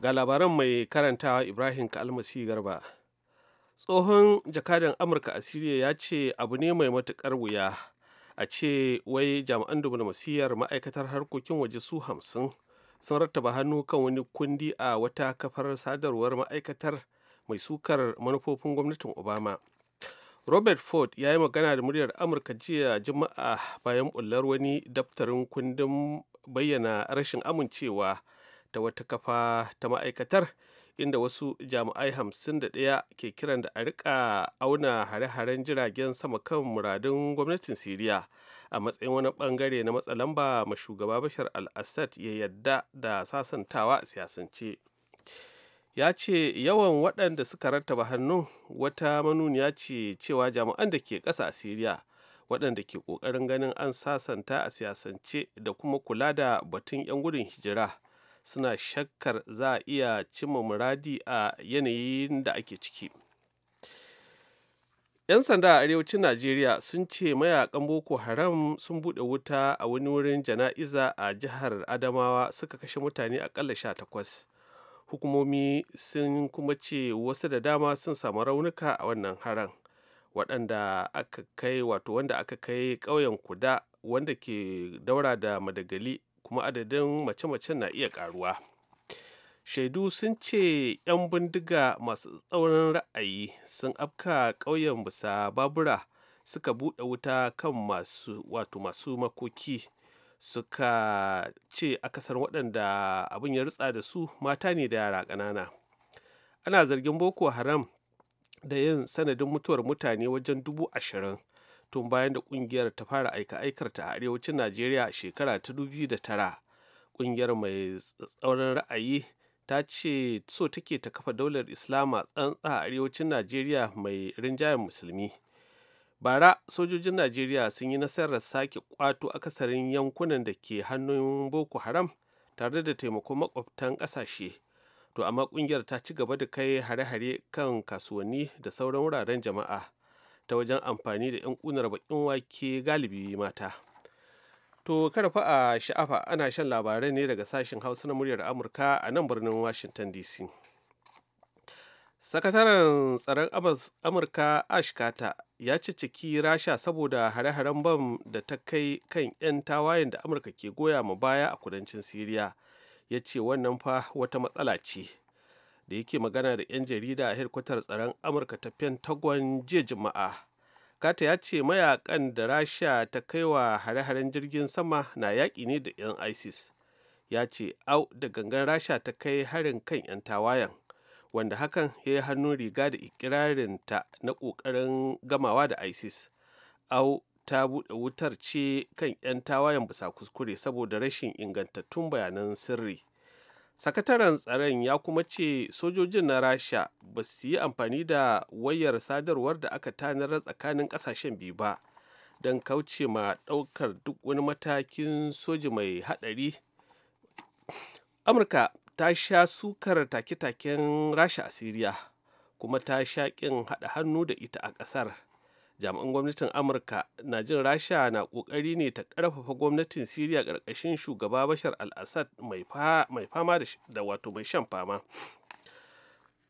ga labaran mai karantawa ibrahim kalmasi garba tsohon jakadan amurka a siriya ya ce abu ne mai matukar wuya a ce wai jami'an masiyar ma'aikatar harkokin waje su hamsin sun rattaba hannu kan wani kundi a wata kafar sadarwar ma'aikatar mai sukar manufofin gwamnatin obama robert ford ya yi magana da muryar amurka jiya juma'a bayan bullar wani daftarin kundin bayyana rashin amincewa ta wata kafa ta ma'aikatar inda wasu jami'ai hamsin da 51 ke kiran da a rika auna hare-haren jiragen sama kan muradun gwamnatin siriya a matsayin wani bangare na matsalamba ma shugaba bashar al-assad ya yadda da sasantawa siyasance ya ce yawan waɗanda suka rattaba hannun wata manuniya ce cewa jami'an da ke ƙasa a siriya waɗanda ke ƙoƙarin ganin an sasanta a siyasance da kuma kula da batun 'yan gudun hijira suna shakkar za a iya cimma muradi a yanayin da ake ciki 'yan sanda a arewacin najeriya sun ce mayakan boko haram sun buɗe wuta a wani wurin jana'iza a jihar adamawa suka kashe mutane aƙalla sha takwas hukumomi sun kuma ce wasu da dama sun samu raunuka a wannan haran waɗanda aka kai wato wanda aka kai ƙauyen kuda wanda ke daura da madagali kuma adadin mace-macen na iya karuwa shaidu sun ce 'yan bindiga masu tsaurin ra'ayi sun afka ƙauyen bisa babura suka buɗe wuta kan masu wato masu makoki suka ce akasar waɗanda abin ya rutsa da su mata ne da yara ƙanana ana zargin boko haram da yin sanadin mutuwar mutane wajen dubu ashirin tun bayan da kungiyar ta fara aika-aikarta a arewacin najeriya a shekara ta dubi da tara kungiyar mai tsauran ra'ayi ta ce so take ta kafa daular islama tsantsa a arewacin najeriya mai rinjayen musulmi bara sojojin najeriya sun yi nasarar sake kwato akasarin yankunan da ke hannun boko haram tare da taimakon makwabtan ƙasashe to amma kungiyar ta ci gaba da kai hare-hare kan kasuwanni da sauran wuraren jama'a ta wajen amfani da 'yan kunar bakin wake galibi mata to karfa a sha'afa ana shan labarai ne daga sashen hausa na muryar amurka a nan birnin washington dc sakataren tsaron amurka ash carter ya cicciki rasha saboda hare-haren bam da ta kai kan 'yan tawayen da amurka ke goya ma baya a kudancin siriya ya ce wannan fa wata matsala ce da yake magana da 'yan jarida a hirkutar tsaron amurka ta pentagon jiya juma'a kata ya ce mayakan da rasha ta kai wa hare-haren jirgin sama na yaƙi ne da 'yan isis ya ce au da gangan rasha ta kai harin kan 'yan tawayen wanda hakan ya yi hannun riga da ikirarinta na ƙoƙarin gamawa da isis au ta buɗe wutar ce kan 'yan tawayen bisa kuskure saboda rashin ingantattun bayanan sirri sakataren tsaron ya kuma ce sojojin na rasha ba su yi amfani da wayar sadarwar da aka tanar tsakanin kasashen biyu ba don kauce ma ɗaukar duk wani matakin soji mai haɗari amurka ta sha sukar take-taken rasha a siriya kuma ta sha kin haɗa hannu da ita a ƙasar jami'an gwamnatin amurka na jin rasha na kokari ne ta karfafa gwamnatin siriya karkashin shugaba bashar al-assad mai fama da wato mai shan fama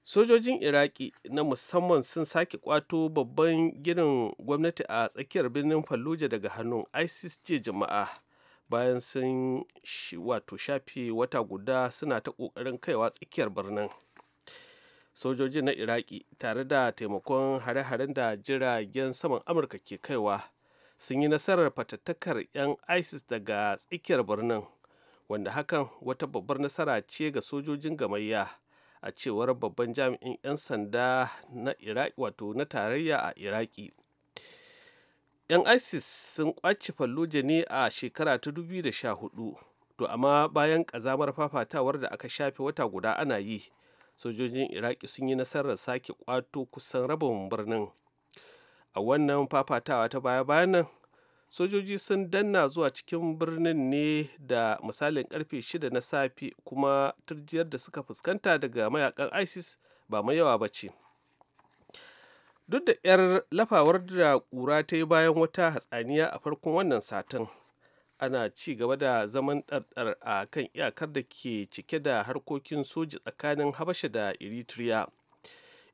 sojojin iraki na musamman sun sake kwato babban ginin gwamnati a tsakiyar birnin fallujah daga hannun isis ce jama'a bayan sun wato shafe wata guda suna ta kokarin kaiwa tsakiyar birnin sojoji na iraki tare da taimakon hare-haren da jiragen saman amurka ke kaiwa sun yi nasarar fatattakar 'yan isis daga tsakiyar birnin wanda hakan wata babbar nasara ce ga sojojin gamayya a cewar babban jami'in 'yan sanda na iraki wato na tarayya a iraki 'yan isis sun kwaci falluje ne a shekara ta 2014 to amma bayan ƙazamar fafatawar da aka shafe wata guda ana yi sojojin iraki sun yi nasarar sake kwato kusan rabin birnin a wannan fafatawa ta baya-bayan nan sojoji sun danna zuwa cikin birnin ne da misalin karfe 6 na safe kuma turjiyar da suka fuskanta daga mayakan isis ba mai yawa ba ce duk da 'yar lafawar da kura ta yi bayan wata hatsaniya a farkon wannan satin ana ci gaba da zaman ɗarɗar a kan iyakar da ke cike da harkokin soji tsakanin habasha da eritrea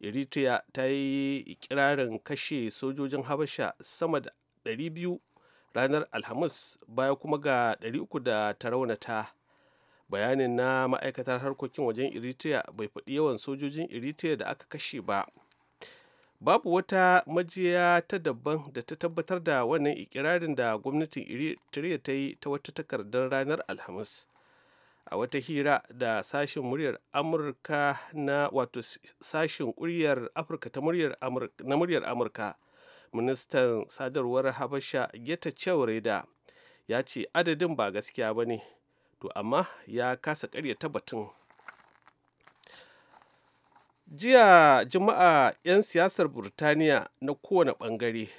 eritrea ta yi ikirarin kashe sojojin habasha sama da 200 ranar alhamis baya kuma ga 300 da ta raunata bayanin na ma'aikatar harkokin wajen eritrea bai faɗi yawan sojojin eritrea da aka kashe ba babu wata majiya ta daban da ta tabbatar da wannan ikirarin da gwamnatin eritrea ta yi ta wata takardar ranar alhamis a wata hira da sashen muryar amurka na wato sashen kuryar afirka ta muryar na muryar amurka ministan sadarwar habasha geta da ya ce adadin ba gaskiya ba ne to amma ya kasa karya batun. jiya juma'a 'yan siyasar burtaniya na kowane ɓangare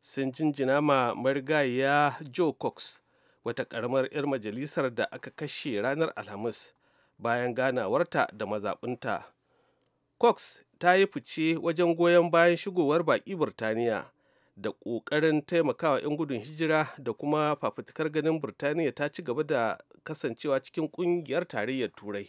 sun jinjina ma marigayiya joe cox wata ƙaramar 'yar majalisar da aka kashe ranar alhamis bayan ganawarta da mazaɓinta cox ta yi fice wajen goyon bayan shigowar baƙi burtaniya da ƙoƙarin taimakawa 'yan gudun hijira da kuma fafutukar ganin burtaniya ta ci gaba da kasancewa cikin ƙungiyar tarayyar turai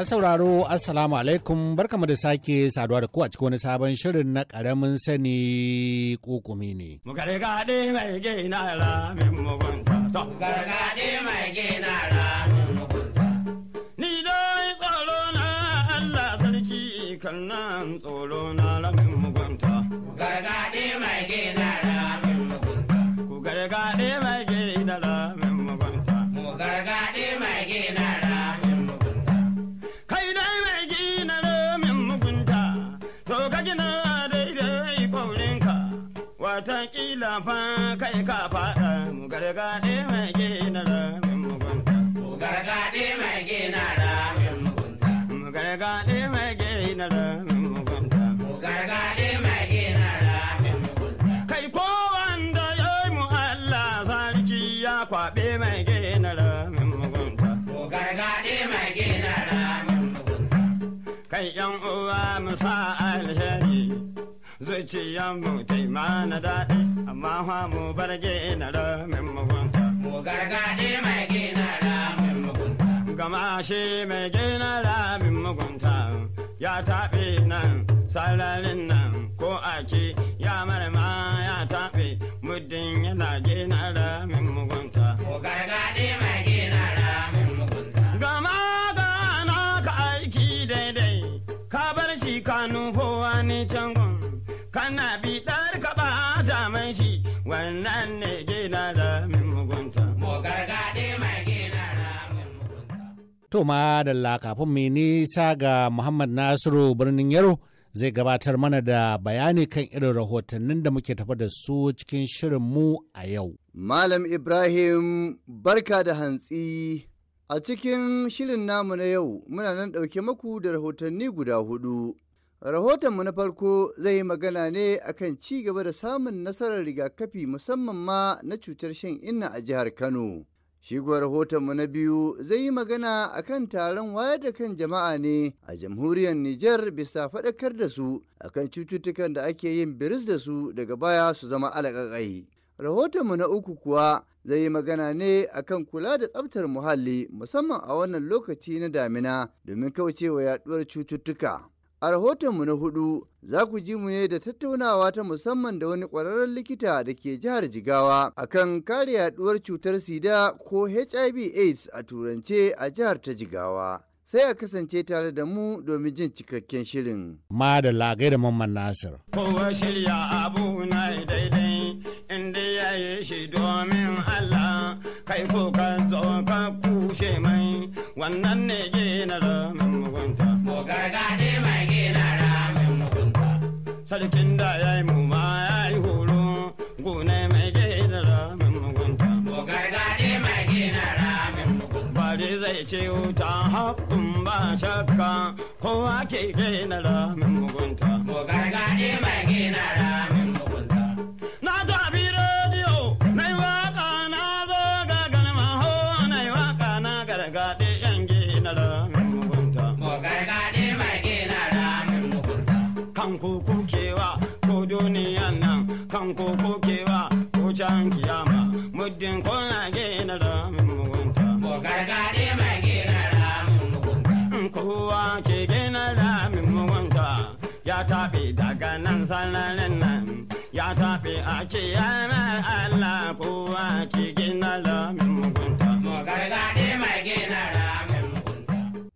An sauraro Assalamu alaikum barkamu da sake saduwa da ku a cikin wani sabon shirin na ƙaramin sani kokumi ne. Gargaɗe mai gina ra mai mugunta. Gargaɗe mai gina ra fa kai ka faɗa mu gargaɗe mai gina mugunta. Mu gargaɗe mai gina mugunta. Mu gargaɗe mai gina zuciyanmu ta yi mana daɗi amma fa mu bar gina min mugunta. Mu gargaɗi mai gina min mugunta. Gama shi mai gina min mugunta ya taɓe nan sararin nan ko ake ya marama ya taɓe muddin yana gina min mugunta. Mu gargaɗi mai gina min mugunta. Gama gana ka aiki daidai ka bar shi ka nufo ni can kana bi dar ka ba zaman shi wannan ne gina da min mugunta. Mo gargade mai gina da min mugunta. To ma da kafin mai nisa ga Muhammad Nasiru birnin Yaro zai gabatar mana da bayani kan irin rahotannin da muke tafa da su cikin shirin mu a yau. Malam Ibrahim barka da hantsi a cikin shirin namu na yau muna nan ɗauke maku da rahotanni guda hudu. Rahotonmu na farko zai yi magana ne akan ci gaba da samun nasarar rigakafi musamman ma na cutar shan inna a jihar Kano. Shigo rahotonmu na biyu zai yi magana akan taron wayar da kan jama'a ne a jamhuriyar Nijar bisa faɗakar da su akan cututtukan da ake yin biris da su daga baya su zama alaƙaƙai. Rahotonmu na uku kuwa zai yi magana ne akan kula da tsabtar muhalli musamman a wannan lokaci na damina domin wa yaɗuwar cututtuka. A rahotonmu na hudu za ku ji mu ne da tattaunawa ta musamman da wani ƙwararren likita da ke jihar Jigawa akan kare yaduwar cutar sida ko HIV AIDS a turance a jihar ta Jigawa. Sai a kasance tare da mu domin jin cikakken shirin. Ma da lagai da Mamman Nasir. Kowa shirya abu na ramin mugunta. Ko gargaɗe mai sarkin da ya yi muma ya yi horo gona mai gina ramin mugunta. Gogagade mai gina ramin mugunta. Bari zai ce wuta haƙun ba shakka kowa ke gina ramin mugunta. Gogagade mai gina ramin gargaɗe yan gina ramin kan ko kokewa ko can kiyama muddin ko na gina ramin mugunta. Ko gargaɗe mai gina ramin mugunta. Kowa ke gina ramin mugunta ya taɓe daga nan sanarin nan ya taɓe a kiyamar Allah kowa ke gina ramin mugunta. Ko gargaɗe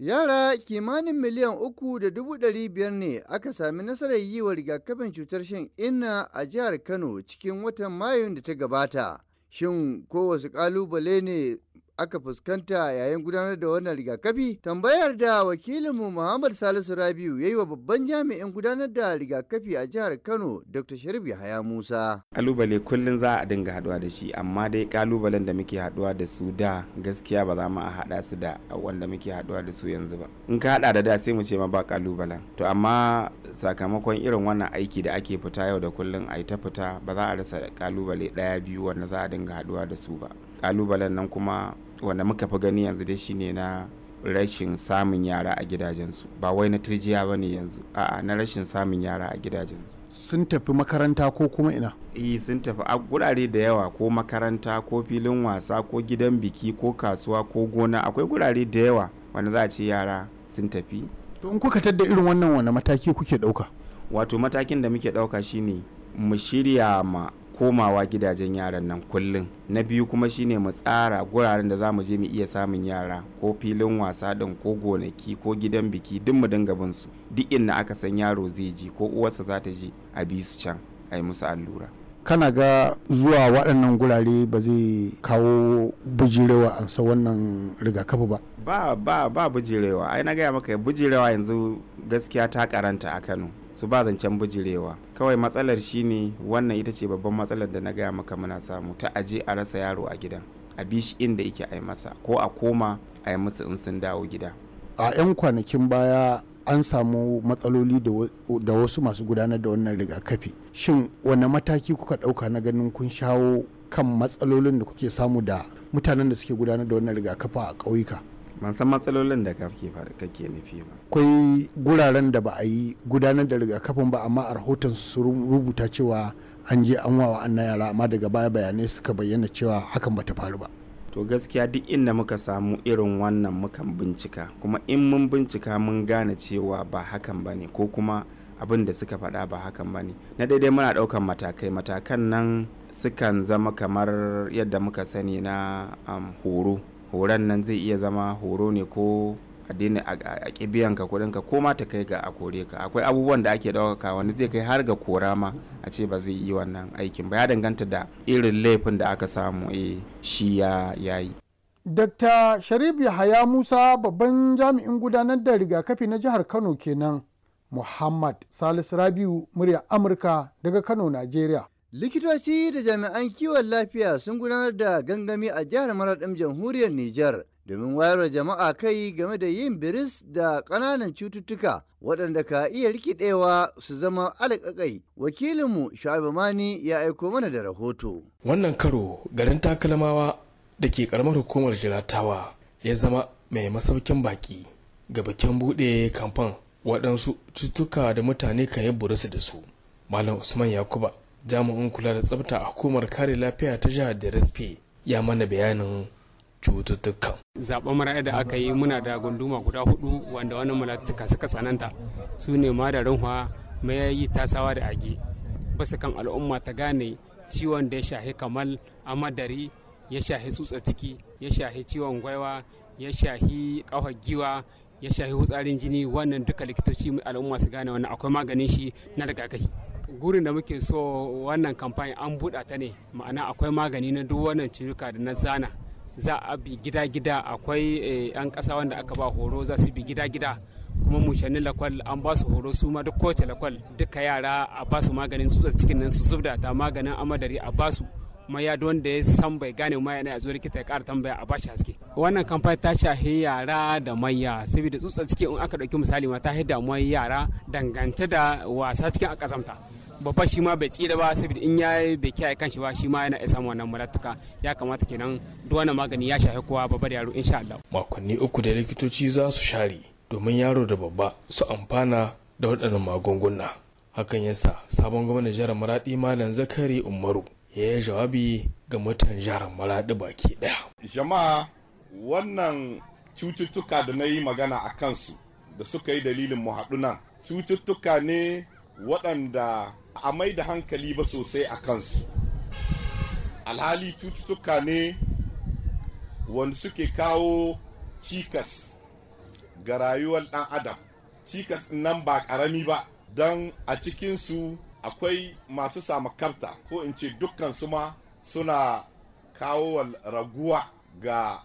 Yara kimanin miliyan uku da dubu ɗari biyar ne aka sami nasarar yi wa rigakafin cutar shan inna a jihar Kano cikin watan Mayun da ta gabata. Shin ko wasu ƙalubale ne aka fuskanta yayin gudanar da wannan rigakafi tambayar da wakilinmu Muhammad Salisu Rabiu ya yi wa babban jami'in gudanar da rigakafi a jihar Kano Dr. Sharif Yahaya Musa. Kalubale kullum za a dinga haduwa da shi amma dai kalubalen da muke haduwa da su da gaskiya ba za mu a hada su da wanda muke haduwa da su yanzu ba. In ka hada da da sai mu ce ma ba kalubalen. To amma sakamakon irin wannan aiki da ake fita yau da kullum a ta fita ba za a rasa kalubale daya biyu wanda za a dinga haduwa da su ba. kalubalen nan kuma wanda muka fi gani yanzu dai shine na rashin samun yara a gidajensu ba wai na turjiya ba ne yanzu a'a na rashin samun yara a gidajensu sun tafi makaranta ko kuma ina eh sun tafi a gurare da yawa ko makaranta ko filin wasa ko gidan biki ko kasuwa ko gona akwai gurare da yawa wanda za a ce yara sun tafi to in kuka tadda irin wannan wani mataki kuke dauka wato matakin da muke dauka shine mu shirya ma komawa gidajen yaran nan kullum na biyu kuma shine mu tsara guraren da zamu je mu iya samun yara ko filin wasa din ko gonaki ko gidan biki duk mu dinga bin su duk inda aka san yaro zai ji ko uwarsa za ta je a bi su can a yi musu allura kana ga zuwa waɗannan gurare ba zai kawo bujirewa sa wannan rigakafi ba ba ba ba bujirewa ai na gaya maka bujirewa yanzu gaskiya ta karanta a kano su ba zancen bijirewa kawai matsalar shine wannan ita ce babban matsalar da na gaya maka muna samu ta aje a rasa yaro a gidan a bi shi inda yake a masa ko a koma a yi musu in sun dawo gida a 'yan kwanakin baya an samu matsaloli da wasu masu gudanar da wannan rigakafi shin wani mataki kuka ɗauka na ganin kun shawo kan matsalolin da kuke samu da mutanen da suke gudanar da wannan rigakafi a ƙauyuka ban san matsalolin da kake nufi ba akwai guraren da ba a yi gudanar da rigakafin ba amma a rahoton su rubuta cewa an je an wa anna yara amma daga baya bayanai suka bayyana cewa hakan bata faru ba to gaskiya duk inda muka samu irin wannan mukan bincika kuma in mun bincika mun gane cewa ba hakan ba ne ko kuma abin da suka faɗa ba hakan ba ne na daidai muna ɗaukan matakai matakan nan sukan zama kamar yadda muka sani na um, horo horon nan zai iya zama horo ne ko a daina a kibiyan ka kudin ka ko ma ta kai ga a kore ka akwai abubuwan da ake ɗaukaka wani zai kai har ga kora ma a ce ba zai yi wannan aikin ba ya danganta da irin laifin da aka samu eh shi ya yayi Dr. Sharif Yahaya Musa babban jami'in gudanar da rigakafi na jihar Kano kenan. Muhammad Salisu Rabiu murya Amurka daga Kano, Najeriya. Likitoci da jami'an kiwon lafiya sun gudanar da gangami a jihar Maraɗin jamhuriyar Nijar domin wayar da jama'a kai game da yin biris da ƙananan cututtuka waɗanda ka iya rikidewa su zama alƙaƙai Wakilinmu Shu'aibu Mani ya aiko mana da rahoto. Wannan karo garin takalmawa da ke ƙaramar hukumar jiratawa ya zama mai masaukin baki ga bikin buɗe kamfan waɗansu cututtuka da mutane kan yi burusu da su. Malam Usman Yakuba jami'in kula da tsafta a hukumar kare lafiya ta jihar da ya mana bayanin cututtukan. zaɓen mara da aka yi muna da gunduma guda hudu wanda wannan malatuka suka tsananta su ne ma da runwa mai tasawa da agi basu kan al'umma ta gane ciwon da ya shahi kamal a madari ya shahi tsutsa ciki ya shahi ciwon gwaiwa ya shahi kawar giwa ya shahi hutsarin jini wannan duka likitoci al'umma su gane wannan akwai maganin shi na rigakafi gurin da muke so wannan kamfani an buɗa ta ne ma'ana akwai magani na duk wannan ciwuka da na zana za a bi gida-gida akwai 'yan eh, ƙasa wanda aka ba horo za su bi gida-gida kuma mushannin lakwal an ba su horo su ma duk kowace lakwal duka yara a ba su maganin tsutsa cikin nan su zubda ta maganin amadari a ba su ma ya wanda ya san bai gane ma yana zuwa likita ya ƙara tambaya a bashi haske wannan kamfani ta shahi yara da manya saboda tsutsa cikin in aka ɗauki misali ma ta mai yara dangance da wasa cikin akazamta babba shi ma bai tsira ba saboda in ya yi bai kiyaye kanshi ba shi ma yana isa wannan muratuka ya kamata kenan duk wannan magani ya shafi kowa babbar da yaro insha Allah makonni uku da likitoci za su share domin yaro da babba su amfana da waɗannan magunguna hakan yasa sabon gwamnan jihar Maradi Malam Zakari Umaru ya yi jawabi ga mutan jihar Maradi baki daya jama'a wannan cututtuka da na yi magana a kansu da suka yi dalilin mu haɗu nan cututtuka ne waɗanda a mai da hankali ba sosai a kansu alhali cututtuka ne wanda suke kawo cikas ga rayuwar ɗan adam cikas nan ba karami ba don a cikinsu akwai masu samakarta ko in ce dukkansu ma suna kawo raguwa ga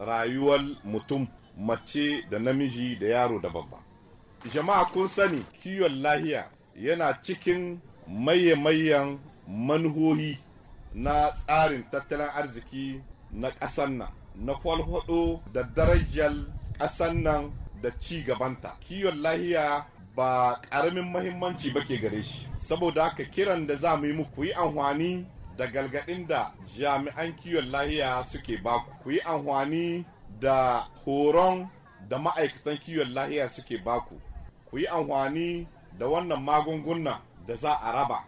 rayuwar mutum mace da namiji da yaro da babba jama'a kun sani kiwon lahiya yana cikin maye-mayen na tsarin tattalin arziki na ƙasan nan na kwalhudu da darajar ƙasan nan da ci gabanta kiwon lahiya ba ƙaramin mahimmanci ba ke gare shi saboda haka kiran da za mu yi muku yi amfani da galgadin da jami'an kiwon lahiya suke baku ku yi amfani da horon da ma'aikatan kiwon lahiya suke baku ku yi amfani da wannan magunguna da za a raba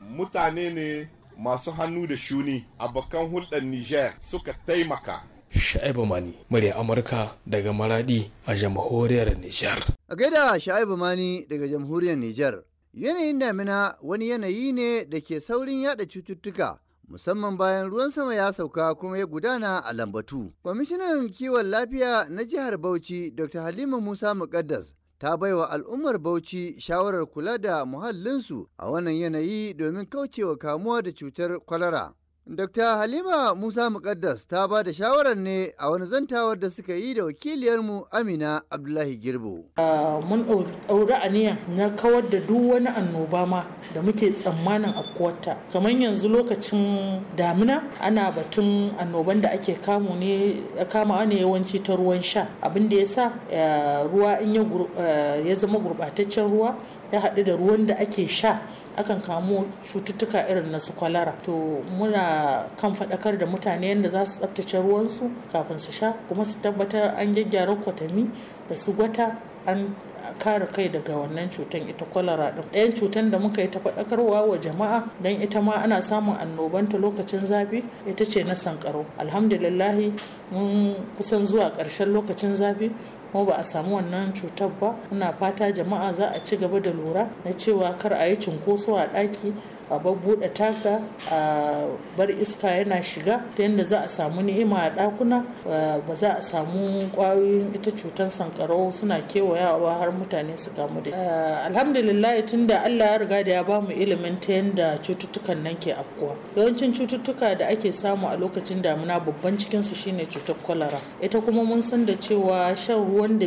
mutane ne masu hannu da shuni a abokan hulɗar niger suka taimaka sha'ibu mani murya amurka daga maradi a jamhuriyar niger a gaida sha'ibu mani daga jamhuriyar niger yanayin damina wani yanayi ne da ke saurin yada cututtuka musamman bayan ruwan sama ya sauka kuma ya gudana a lambatu. Kwamishinan kiwon lafiya na jihar Bauchi Dr. Halima Musa Mukaddas ta baiwa al'ummar Bauchi shawarar kula da muhallinsu a wannan yanayi domin kaucewa kamuwa da cutar kwalara. Dr. Halima Musa Muƙaddas ta ba da shawarar ne a wani zantawar da suka yi da wakiliyarmu Amina Abdullahi Girbo. Mun ɗauri aniya na kawar da duk wani annoba ma da muke tsammanin a kwata Kamar yanzu lokacin damina ana batun annoban da ake kama ne yawanci ta ruwan sha. Abin da ya sa ruwa in ya zama gurɓataccen ruwa ya haɗu da ruwan da ake sha akan kamu cututtuka irin na su kwalara to muna kan faɗakar da mutane yadda za su tsabtace ruwansu kafin su sha kuma su tabbatar an gyaggyara kwatami da su gwata an kare kai daga wannan cutan ita kwalara din ɗayan cutan da muka yi ta faɗakarwa wa jama'a don ita ma ana samun annobanta lokacin zafi ita ce na sankaro alhamdulillahi mun kusan zuwa ƙarshen lokacin zafi kuma ba a samu wannan cutar ba muna fata jama'a za a ci gaba da lura na cewa kar a yi cunkoso a ɗaki a buɗe taka a bar iska yana shiga ta yadda za a samu ni'ima a ɗakuna ba za a samu kwayoyin ita cutar sankarau suna kewayawa har mutane su kamu da alhamdulillah tun da allah ya riga da ya ba mu ilimin ta yadda cututtukan nan ke afkuwa yawancin cututtuka da ake samu a lokacin damuna babban cikin su shine cutar kwalara ita kuma mun san da cewa shan ruwan da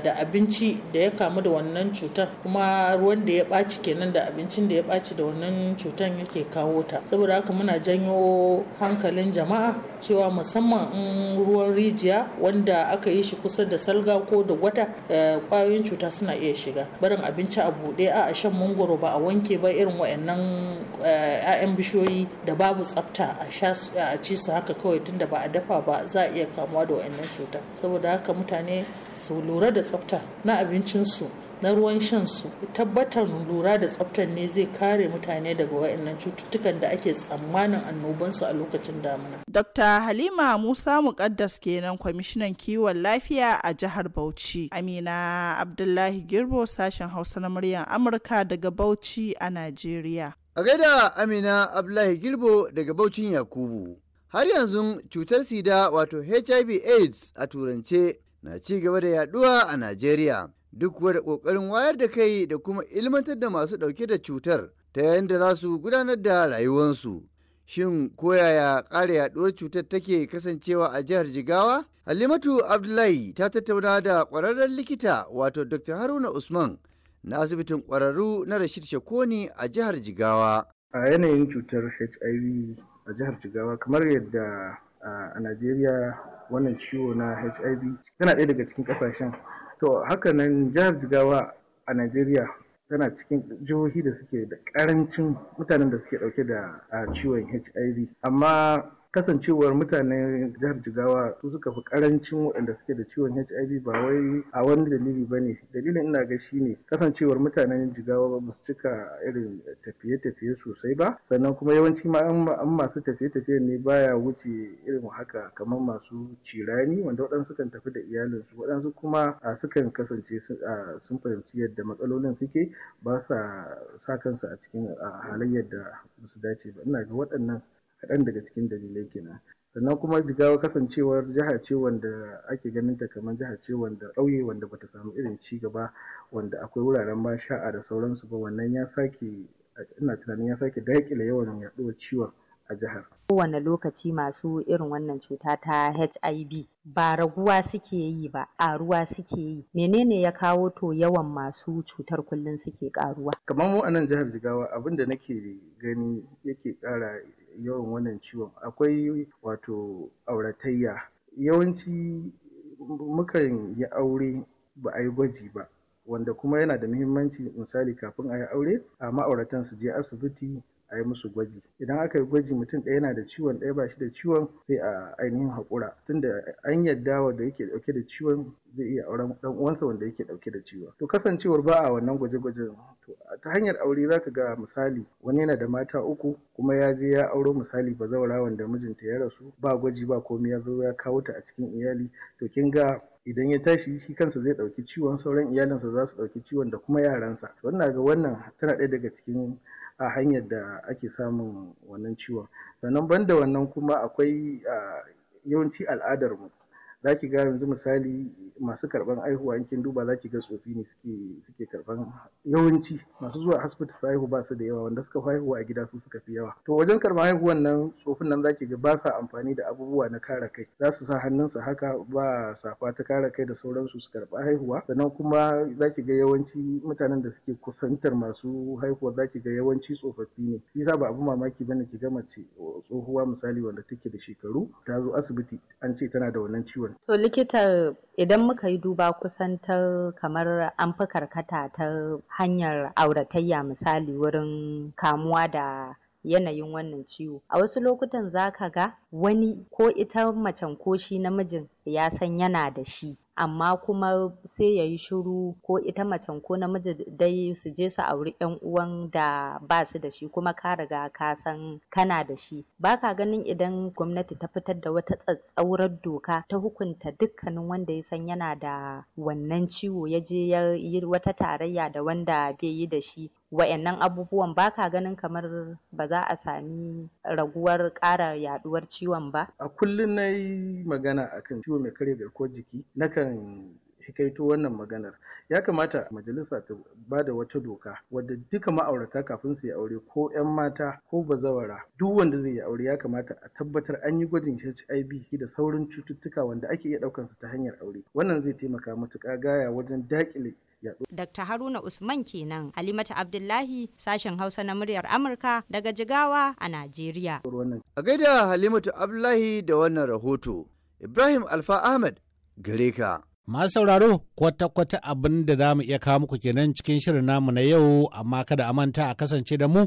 da abinci da ya kamu da wannan cutar kuma ruwan da ya ɓaci kenan da abincin da ya ɓaci da wannan kwayoyin cutan yake kawo ta saboda haka muna janyo hankalin jama'a cewa musamman in ruwan rijiya wanda aka yi shi kusa da salga ko da gwata eh, kwayoyin cuta suna iya shiga barin abinci a buɗe a a shan mangoro ba a wanke ba irin waannan 'ya'yan eh, bishiyoyi da babu tsafta a ci su haka kawai tunda ba a dafa ba za a iya kamuwa da wayannan cuta saboda haka mutane su lura da tsafta na abincin su. na ruwan shan su tabbatar lura da tsaftar ne zai kare mutane daga waɗannan cututtukan da ake tsammanin annobansu a lokacin damuna. Dr. Halima Musa Muƙaddas kenan kwamishinan kiwon lafiya a jihar Bauchi. Amina Abdullahi Girbo sashen Hausa na muryar Amurka daga Bauchi a Najeriya. A gaida Amina Abdullahi Girbo daga bauchin Yakubu. Har yanzu cutar sida wato HIV AIDS a turance na ci gaba da yaduwa a Najeriya. duk kuwa da ƙoƙarin wayar da kai da kuma ilmantar da masu ɗauke da cutar ta yayin da za su gudanar da rayuwarsu. Shin koyaya ƙara yaɗuwar cutar take kasancewa a jihar Jigawa? Halimatu Abdullahi ta tattauna da ƙwararren likita wato Dr. Haruna Usman na asibitin kwararru na Rashid Shakoni a jihar Jigawa. A yanayin cutar HIV a jihar Jigawa kamar yadda a Najeriya wannan ciwo na HIV tana ɗaya daga cikin ƙasashen to hakanan jihar jigawa a najeriya tana cikin jihohi da suke da karancin mutanen da suke dauke da ciwon hiv amma kasancewar mutanen jihar jigawa su suka fi karancin waɗanda suke da ciwon hiv ba wai a wani dalili ba ne dalilin ina ga shi ne kasancewar mutanen jigawa ba su cika irin tafiye-tafiye sosai ba sannan kuma yawanci ma an masu tafiye-tafiye ne baya wuce irin haka kamar masu cirani wanda waɗansu kan tafi da iyalinsu waɗansu kuma sukan kasance sun fahimci yadda matsalolin suke ba sa sa kansu a cikin halayyar da ba su dace ba ina ga waɗannan kaɗan daga cikin dalilai kenan sannan kuma jigawa kasancewar jiha ce wanda ake ganin ta kamar jiha ce wanda ƙauye wanda bata samu irin ci gaba wanda akwai wuraren ba sha'a da sauransu ba wannan ya sake ina tunanin ya sake daƙile yawan yaɗuwar ciwon a jihar. Kowane lokaci masu irin wannan cuta ta HIV ba raguwa suke yi ba, ruwa suke yi. Menene ya kawo to yawan masu cutar kullum suke ƙaruwa? Kamar mu a nan jihar Jigawa abinda nake gani yake ƙara yawan wannan ciwon akwai wato auratayya yawanci mukan yi aure ba a yi gwaji ba wanda kuma yana da muhimmanci misali kafin a yi aure a ma'auratan su je asibiti a yi musu gwaji idan aka yi gwaji mutum ɗaya yana da ciwon ɗaya ba shi da ciwon sai a ainihin haƙura tunda an yadda wanda yake ɗauke da ciwon zai iya auren ɗan uwansa wanda yake ɗauke da ciwon to kasancewar ba a wannan gwaje-gwajen ta hanyar aure za ka ga misali wani yana da mata uku kuma ya je ya auro misali ba zaura wanda mijinta ya rasu ba gwaji ba komai ya zo ya kawo ta a cikin iyali to kin ga idan ya tashi shi kansa zai ɗauki ciwon sauran iyalinsa za su ɗauki ciwon da kuma yaransa wannan ga wannan tana ɗaya daga cikin a hanyar da ake samun wannan ciwon sannan banda wannan kuma akwai yawanci al'adarmu za ki ga yanzu misali masu karban aihuwa in duba za ki ga tsofi ne suke suke karban yawanci masu zuwa asibiti su haihu ba su da yawa wanda suka haihuwa a gida su suka fi yawa to wajen karban haihuwan nan tsofin nan za ki ga ba sa amfani da abubuwa na kare kai za su sa hannunsu haka ba safa ta kare kai da sauransu su karba haihuwa sannan kuma za ki ga yawanci mutanen da suke kusantar masu haihuwa za ki ga yawanci tsofaffi ne shi ba abu mamaki bane ki ga mace tsohuwa misali wanda take da shekaru ta zo asibiti an ce tana da wannan ciwon gurin. to likita idan muka yi duba kusan ta kamar an fi karkata ta hanyar auratayya misali wurin kamuwa da yanayin wannan ciwo a wasu lokutan za ka ga wani ko ita macen ko shi namijin ya san yana da shi amma kuma sai ya yi shiru ko ita macen ko namiji dai su je su auri yan uwan da ba su da shi kuma ka riga ka san kana da shi ba ka ganin idan gwamnati ta fitar da wata tsatsaurar doka ta hukunta dukkanin wanda ya san yana da wannan ciwo ya je ya yi wata tarayya da wanda bai yi da shi wa'annan abubuwan ba ka ganin kamar ba za a sami raguwar ƙara yaduwar ciwo ciwon ba? A kullum na yi magana akan ciwo mai karya garkuwar jiki, nakan hikaito wannan maganar ya kamata majalisa ta ba da wata doka wadda duka ma'aurata kafin su yi aure ko 'yan mata ko bazawara duk wanda zai yi aure ya kamata a tabbatar an yi gwajin hiv da saurin cututtuka wanda ake iya ɗaukansu ta hanyar aure wannan zai taimaka matuƙa gaya wajen daƙile Dr. Haruna Usman kenan halimatu Abdullahi sashen Hausa na muryar Amurka daga Jigawa a Najeriya. A gaida Halimatu Abdullahi da wannan rahoto, Ibrahim Alfa Ahmed gare ka. Masu sauraro kwata-kwata abin da za mu iya kawo muku kenan cikin shirin namu na yau amma kada a manta a kasance da mu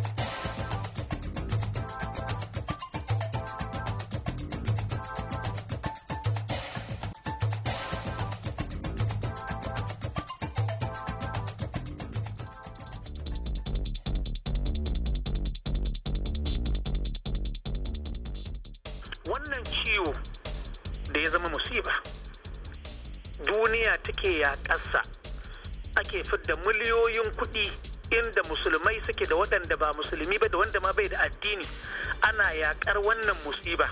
wannan ciwo da ya zama musiba duniya take ya ƙasa ake fidda miliyoyin kuɗi inda musulmai suke da waɗanda ba musulmi ba da wanda ma bai da addini ana yaƙar wannan musiba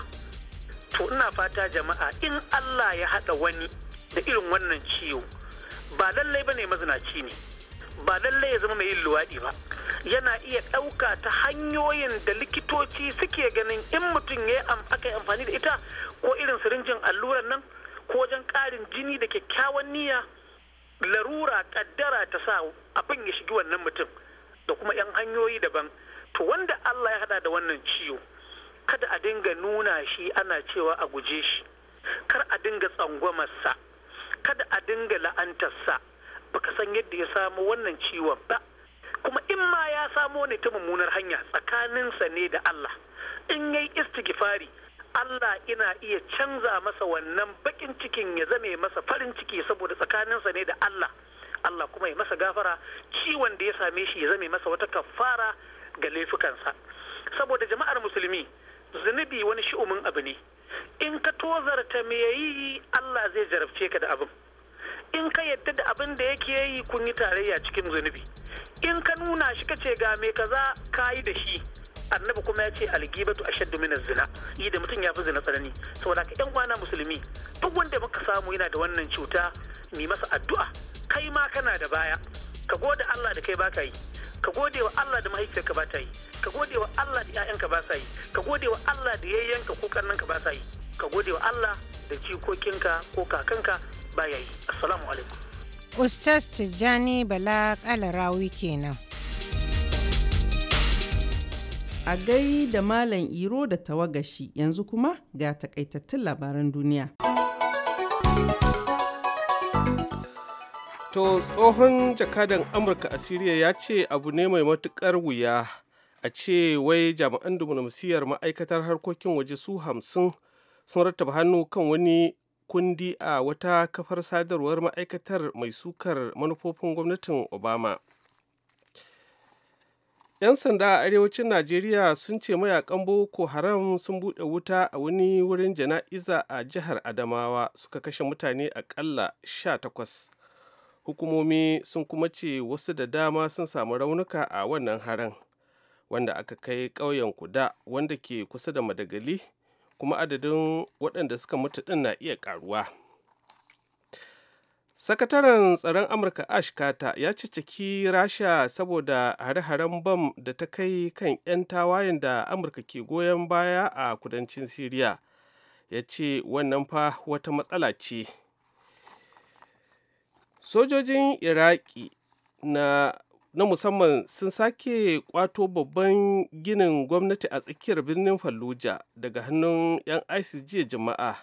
to ina fata jama'a in allah ya haɗa wani da irin wannan ciwo ba lallai ba ne mazinaci ne ba lallai ya zama mai yin luwaɗi ba yana iya ɗauka ta hanyoyin da likitoci suke ganin in mutum ya aka yi amfani da ita ko irin sirinjin allurar nan ko wajen ƙarin jini da kyakkyawan niyya larura ƙaddara ta sa abin ya shigi wannan mutum da kuma 'yan hanyoyi daban to wanda Allah ya hada da wannan ciwo kada a dinga nuna shi ana cewa a guje shi kar a dinga tsangwamarsa kada a dinga la'antarsa baka san yadda ya samu wannan ciwon ba kuma in ma ya samo ne ta mummunar hanya tsakaninsa ne da Allah in yayi istighfari Allah ina iya canza masa wannan bakin cikin ya zame masa farin ciki saboda tsakaninsa ne da Allah Allah kuma ya masa gafara ciwon da ya same shi ya zame masa wata kafara ga laifukansa saboda jama'ar musulmi zunubi wani shi'umin abu ne in ka tozarta me yayi Allah zai jarabce ka da abin in ka yadda da abin da yake yi kun yi tarayya cikin zunubi in ka nuna shi ka ce ga me kaza ka yi da shi annabi kuma ya ce algibatu ashaddu min zina yi da mutum ya fi zina tsanani saboda ka yan kwana musulmi duk wanda muka samu yana da wannan cuta mi masa addu'a kai ma kana da baya ka gode Allah da kai baka yi ka gode wa Allah da mahaifiyarka ba ta yi ka gode wa Allah da 'ya'yanka ba sa yi ka gode wa Allah da yayyanka ko karnanka ba sa yi ka gode wa Allah da jikokinka ko kakanka ba ya Assalamu Ustaz Tijjani Bala Kalarawi kenan. A gai da Malam Iro da tawagashi yanzu kuma ga takaitattun labaran duniya. To tsohon jakadan Amurka a Siriya ya ce abu ne mai matukar wuya a ce wai jami'an musiyar ma'aikatar harkokin waje su hamsin sun rattaba hannu kan wani kundi a wata kafar sadarwar ma'aikatar mai sukar manufofin gwamnatin obama 'yan sanda a arewacin najeriya sun ce mayakan boko haram sun buɗe wuta a wani wurin jana'iza a jihar adamawa suka kashe mutane akalla takwas. hukumomi sun kuma ce wasu da dama sun samu raunuka a wannan haran wanda aka kai ƙauyen kuda wanda ke kusa da madagali kuma adadin waɗanda suka mutu ɗin na iya ƙaruwa sakataren tsaron amurka ash kata ya cicciki rasha saboda hare-haren bam da ta kai kan 'yan tawayen da amurka ke goyon baya a kudancin siriya ya ce wannan fa wata matsala ce sojojin iraki na na musamman sun sake kwato babban ginin gwamnati a tsakiyar birnin fallujah daga hannun 'yan isis jiya jama'a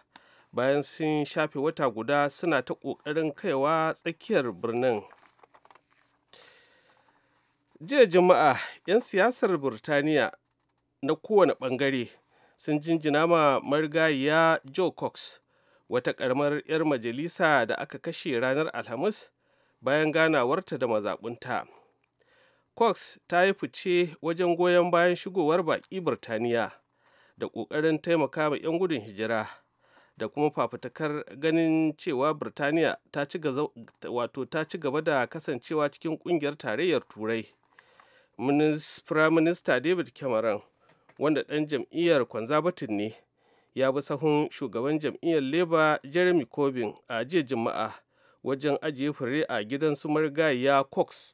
bayan sun shafe wata guda suna ta ƙoƙarin kaiwa tsakiyar birnin jiya jama'a 'yan siyasar Birtaniya na kowane ɓangare sun jinjina ma marigayiya joe cox wata ƙaramar 'yar majalisa da aka kashe ranar alhamis bayan ganawarta da mazaɓunta cox ta yi fice wajen goyon bayan shigowar baƙi birtaniya da ƙoƙarin taimaka ma 'yan gudun hijira da kuma fafutukar ganin cewa birtaniya ta ci gaba da kasancewa cikin ƙungiyar tarayyar turai prime minister david cameron wanda ɗan jam'iyyar conservative ne ya bi sahun shugaban jam'iyyar labour jeremy corbyn a jiya juma'a wajen ajiye fure a gidan su marigayya cox